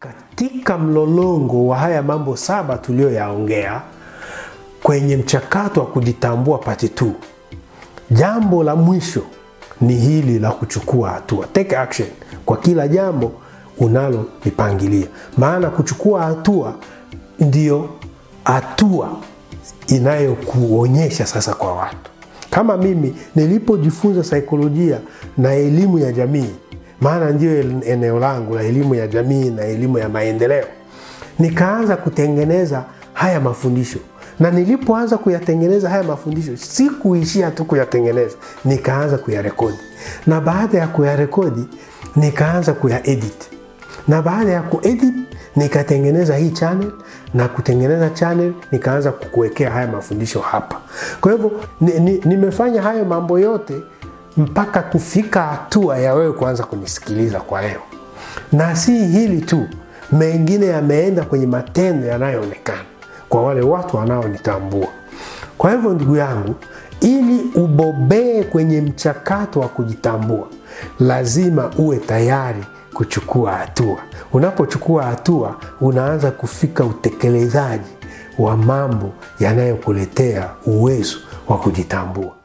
Katika mlolongo wa haya mambo saba tuliyoyaongea kwenye mchakato wa kujitambua pati tu, jambo la mwisho ni hili la kuchukua hatua, take action kwa kila jambo unalolipangilia, maana kuchukua hatua ndiyo hatua inayokuonyesha sasa kwa watu. Kama mimi nilipojifunza saikolojia na elimu ya jamii maana ndiyo eneo langu la elimu ya jamii na elimu ya maendeleo. Nikaanza kutengeneza haya mafundisho, na nilipoanza kuyatengeneza haya mafundisho, si kuishia tu kuyatengeneza, nikaanza kuyarekodi, na baada ya kuyarekodi nikaanza kuyaedit, na baada ya kuedit nikatengeneza hii channel na kutengeneza channel nikaanza kukuwekea haya mafundisho hapa. Kwa hivyo nimefanya ni, ni hayo mambo yote mpaka kufika hatua ya wewe kuanza kunisikiliza kwa leo. Na si hili tu, mengine yameenda kwenye matendo yanayoonekana kwa wale watu wanaonitambua. Kwa hivyo, ndugu yangu, ili ubobee kwenye mchakato wa kujitambua, lazima uwe tayari kuchukua hatua. Unapochukua hatua, unaanza kufika utekelezaji wa mambo yanayokuletea uwezo wa kujitambua.